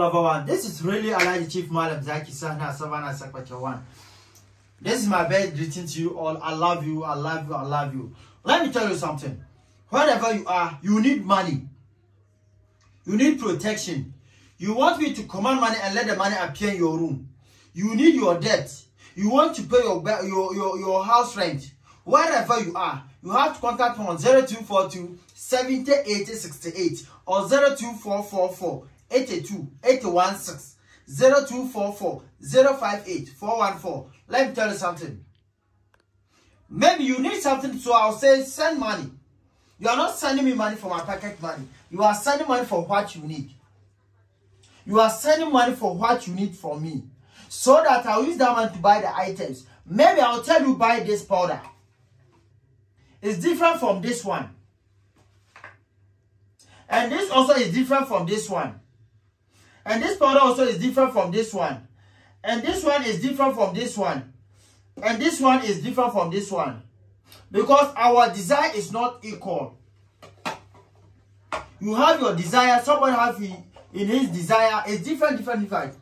One. This is really Alaji Chief Malam Zaki Sana Savannah Sakwacha One. This is my best greeting to you all. I love you, I love you, I love you. Let me tell you something. Wherever you are, you need money. You need protection. You want me to command money and let the money appear in your room. You need your debt. You want to pay your your your, your house rent. Wherever you are, you have to contact me on 0242 70 or 02444 82 0244 058 414. Let me tell you something. Maybe you need something, so I'll say send money. You are not sending me money for my pocket money. You are sending money for what you need. You are sending money for what you need from me. So that I'll use that money to buy the items. Maybe I'll tell you buy this powder. It's different from this one. And this also is different from this one. And this powder also is different from this one. And this one is different from this one. And this one is different from this one. Because our desire is not equal. You have your desire. Someone have in, in his desire. It's different, different, different.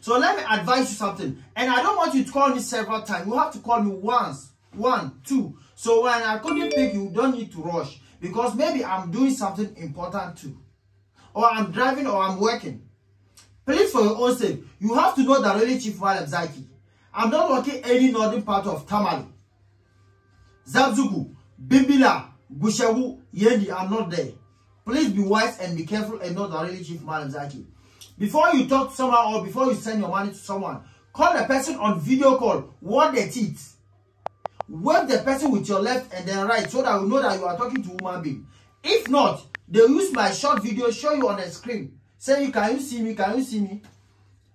So let me advise you something. And I don't want you to call me several times. You have to call me once, one, two. So when I couldn't pick, you don't need to rush. Because maybe I'm doing something important too or I'm driving or I'm working. Please for your own sake, you have to know that only Chief Malem Zaki. I'm not working any northern part of Tamale. Zabzugu, Bimbila, Gushawu, Yendi, I'm not there. Please be wise and be careful and know that only Chief Malem Zaki. Before you talk to someone or before you send your money to someone, call the person on video call, what they teeth. Wave the person with your left and then right so that we know that you are talking to human being. If not, they use my short video, show you on the screen. Say, you can you see me? Can you see me?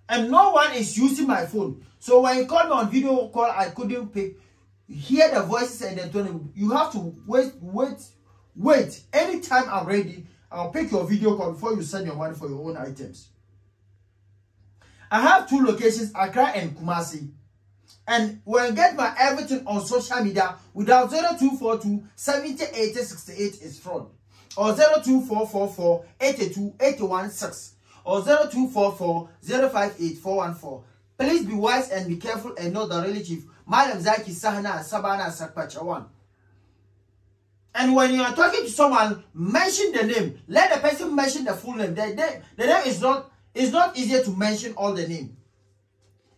And no one is using my phone. So when you call me on video call, I couldn't pick. hear the voices and then me You have to wait, wait, wait. Anytime I'm ready, I'll pick your video call before you send your money for your own items. I have two locations, Accra and Kumasi. And when I get my everything on social media, without 0242 708068 is fraud or 02444 or 0244 058414. Please be wise and be careful and know the relative. Madam Zaki Sahana Sabana Sakpachawan. And when you are talking to someone, mention the name. Let the person mention the full name. The, the, the name is not it's not easier to mention all the name.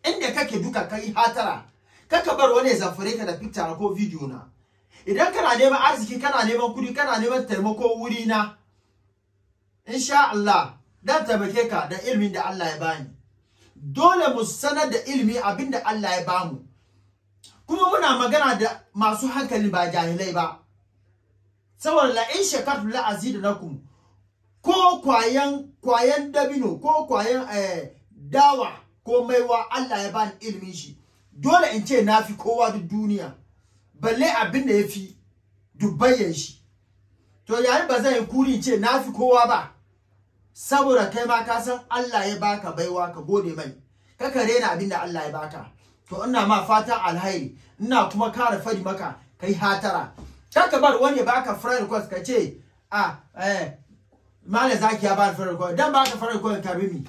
Inda kake duka kai hatara. Kaka bar wani da picture ko video na. idan kana neman arziki kana neman kudi kana neman taimako wuri na insha Allah dan taimake ka da ilimin da Allah ya bani dole mu sanar da ilimi abinda Allah ya bamu kuma muna magana da masu hankali ba jahilai ba saboda la in shakartu la azidunakum ko kwayan kwayan dabino ko kwayan eh, dawa ko maiwa Allah ya bani ilimin shi dole in ce na fi kowa duk duniya balle abin da ya fi dubbayyan shi to yayin ba zan yi kuri ce na fi kowa ba saboda kai ma ka san Allah ya baka baiwa ka gode mai kaka rena abin da Allah ya baka to ina ma fata alhairi ina kuma kare fari maka kai hatara kaka bar wani baka friend request ka ce a ah, eh mala zaki ya ba friend request dan baka friend request ka bi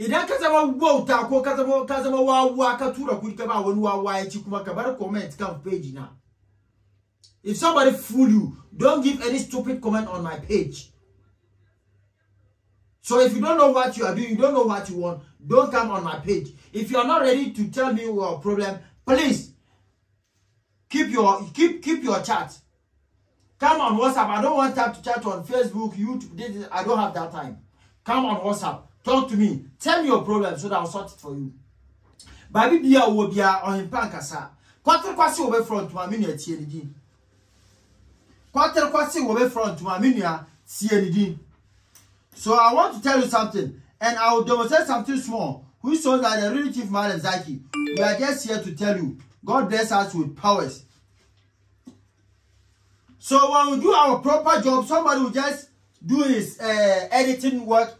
idan ka zama wauta ko ka zama ka zama wawa ka tura ka ba wani wawa kuma ka bar comment kan page na if somebody fool you don't give any stupid comment on my page so if you don't know what you are doing you don't know what you want don't come on my page if you are not ready to tell me your problem please keep your keep keep your chat come on whatsapp i don't want time to chat on facebook youtube i don't have that time come on whatsapp talk to me tell me your problem so that i'll sort it for you baabi bia wo bia ɔhempa nkasa kɔtere kwasi wo bɛ front ma me nua tie ne din kɔtere kwase wo bɛ front ma nua tie ne din so i want to tell you something and i will demonstrate something small who shows that the real chief man Zaki we are just here to tell you god bless us with powers so when we do our proper job somebody will just do his uh, editing work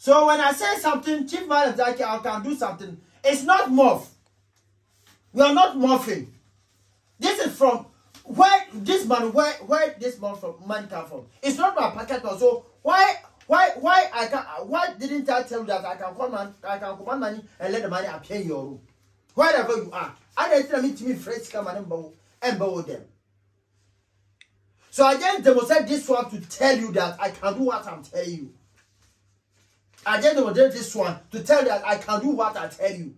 So when I say something, chief man like, I can do something. It's not morph. We are not morphing. This is from where this man, where where this man from man come from. It's not my packet So why why why I can why didn't I tell you that I can command I can command money and let the money appear in your room? Wherever you are. I didn't tell me to me friends come and bow and bow them. So again, they must say this one to tell you that I can do what I'm telling you. I to demonstrate this one to tell you that I can do what I tell you.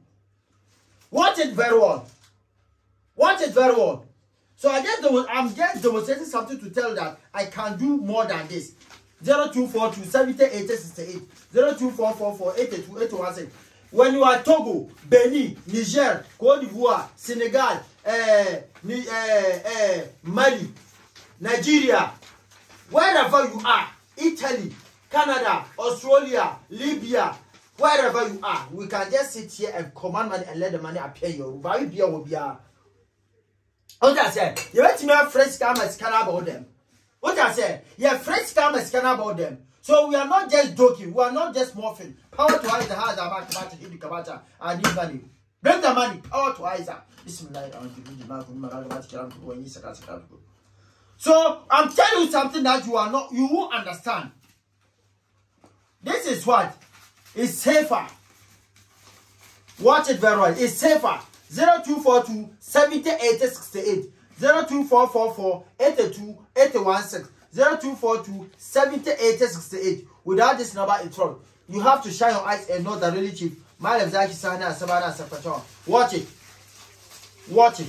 Watch it very well. Watch it very well. So I just I'm just demonstrating something to tell you that I can do more than this. 0242 70 When you are Togo, Benin, Niger, Cote d'Ivoire, Senegal, eh, eh, eh, Mali, Nigeria, wherever you are, Italy, Canada, Australia, Libya, wherever you are, we can just sit here and command money and let the money appear You, your room. we be a. What I said, you let me a fresh scam and scan about them. What I said, yeah, fresh scam and scan about them. So we are not just joking, we are not just morphing. Power to Isa, Haza, Bakabata, the Kabata, and Ibani. Bring the money, power to Isa. So I'm telling you something that you are not, you won't understand. This is what is safer. Watch it very well. It's safer. 0242 708068. 02444 82 0242 708068. Without this number in trouble, you have to shine your eyes and know that really cheap. My Watch it. Watch it.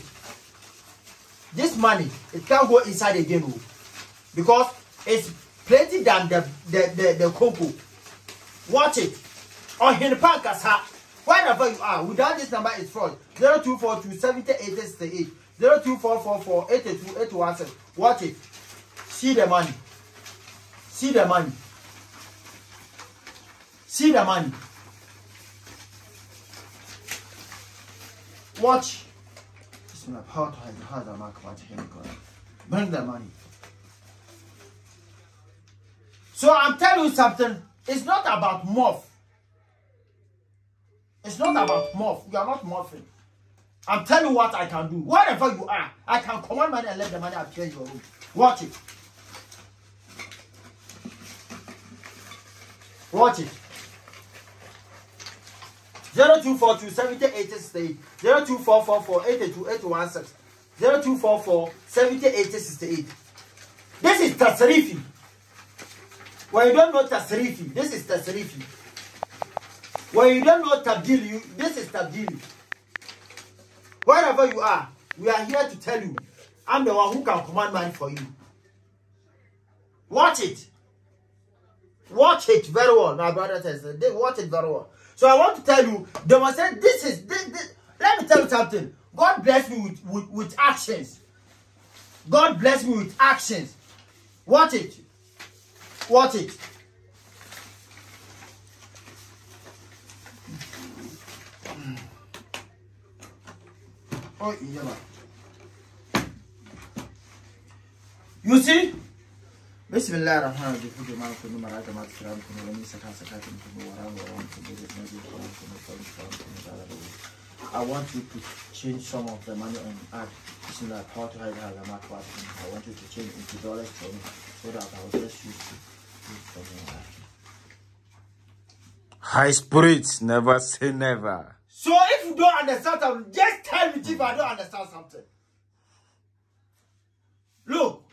This money, it can't go inside again. Oh. Because it's plenty than the the the, the cocoa. Watch it on his podcast, ha. Wherever you are, without this number is fraud. 0242 Watch it. See the money. See the money. See the money. Watch. This man part has a mark watch him Bring the money. So I'm telling you something. It's not about morph. It's not about morph. You are not morphing. I'm telling you what I can do. Whatever you are, I can command money and let the money appear in your room. Watch it. Watch it. 0242 70 80 0244 82 0244 70 68. This is Tasrifi. When you don't know tasrifi, this is tasrifi. When you don't know tabdil, you, this is tabdil. Wherever you are, we are here to tell you, I'm the one who can command money for you. Watch it. Watch it very well, my brother says. Watch it very well. So I want to tell you, they must say, this is, this, this. let me tell you something. God bless me with, with, with actions. God bless me with actions. Watch it. What it? Oh, yeah. You see? بسم الله الرحمن الرحيم فوجي I want you to change some of the money on add It's not how to hide how the I want you to change into dollars so that I will just use it. High spirits, never say never. So if you don't understand something, just tell me if I don't understand something. Look,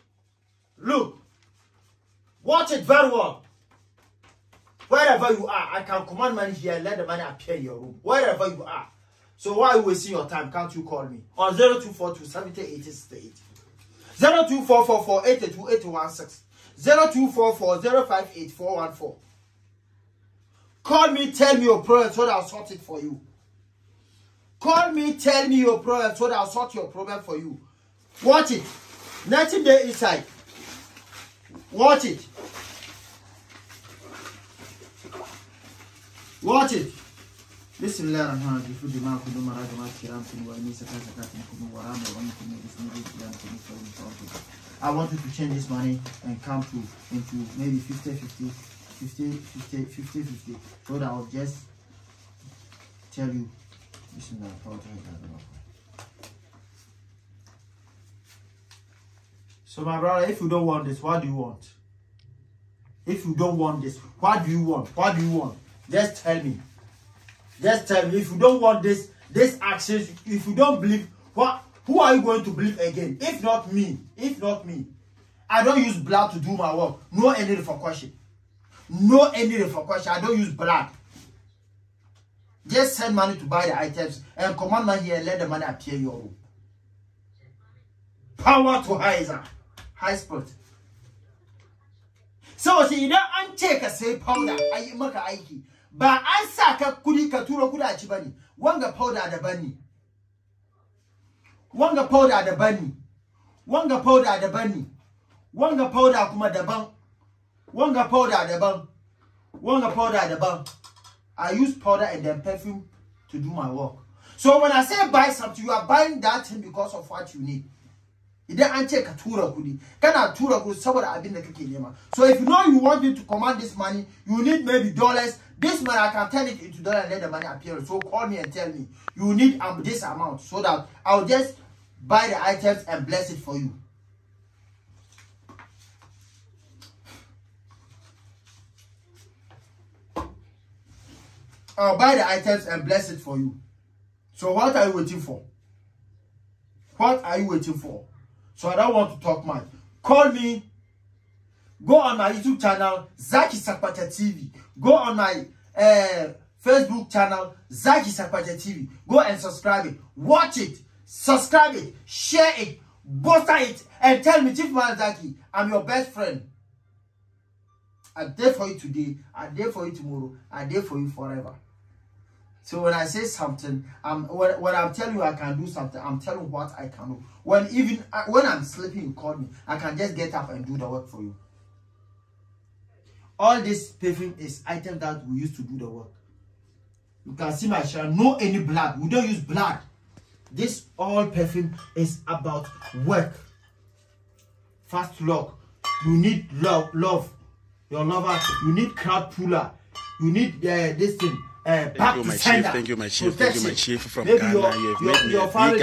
look, watch it very well. Wherever you are, I can command money here, let the money appear in your room. Wherever you are. So why are you wasting your time? Can't you call me? On 0242 70 80 0244-058-414. Call me, tell me your problem so that I'll sort it for you. Call me, tell me your problem so that I'll sort your problem for you. Watch it. 19 day inside. Watch it. Watch it. بسم الله الرحمن الرحيم في دماء ورام I wanted to change this money and come to into maybe 50 50 50 50 50 50 so that I'll just tell you بسم الله الرحمن الرحيم So my brother, if you don't want this, what do you want? If you don't want this, what do you want? What do you want? Just tell me tell me if you don't want this, this action. if you don't believe, what who are you going to believe again? If not me, if not me. I don't use blood to do my work. No any question. No any question. I don't use blood. Just send money to buy the items and command here and let the money appear your own. Power to Heiser. High spot. So, see, you don't uncheck a say powder. I make a Ike ba an sa ka kudi ka turo kudaci wanga powder da bani wanga powder da bani wanga powder da bani wanga powder kuma daban wanga powder daban wanga powder daban i use powder and then perfume to do my work so when i say buy something you are buying that thing because of what you need idan an ce ka tura kuɗi kana tura kuɗi saboda abin da kake nema so if you know you want me to command this money you need maybe dollars this man, I can turn it into dollar and let the money appear. So call me and tell me, you need um, this amount so that I'll just buy the items and bless it for you. I'll buy the items and bless it for you. So what are you waiting for? What are you waiting for? So I don't want to talk much. Call me Go on my YouTube channel, Zaki Sakpacha TV. Go on my uh, Facebook channel, Zaki Sakpacha TV. Go and subscribe it. Watch it. Subscribe it. Share it. Boster it. And tell me, Chief Man Zaki, I'm your best friend. I'm there for you today. I'm there for you tomorrow. I'm there for you forever. So when I say something, I'm when, when I'm telling you I can do something, I'm telling what I can do. When even uh, when I'm sleeping, you call me. I can just get up and do the work for you. all this paving is item that we use to do the work you can see my shirt. no any blood we don't use blood this all perfume is about work fast love you need love love your lover you need crowd puller you need uh, this thing Eh, back thank you, my chief. Thank you, my chief. Thank you, my chief from Maybe Ghana. Your, you have your, made me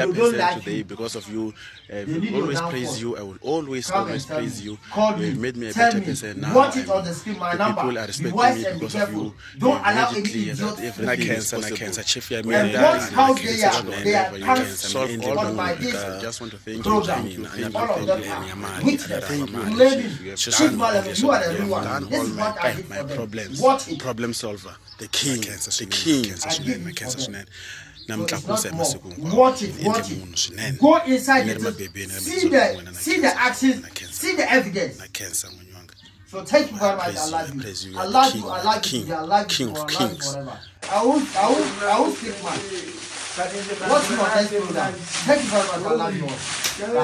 a big person like today because of you. I uh, will always praise you. I will always, Come always praise you. Call you have made me a better me. person now. Want it on the screen, my the number. people are respecting me because of you. Don't you allow any idiot. Everything is possible. Cancer, chief, you have made me a better person. Solve all of my days. I just want to thank you. Thank you. all of Thank you. Thank you. Thank you. You are the one. This is what I did for them. Problem solver. The king. Cancer so thank you very much. I love you. Praise you. I love king, you. I love king, you. I love you. King of kings. I won't, I won't, I won't speak much. What's your next program? Thank you very much. I love you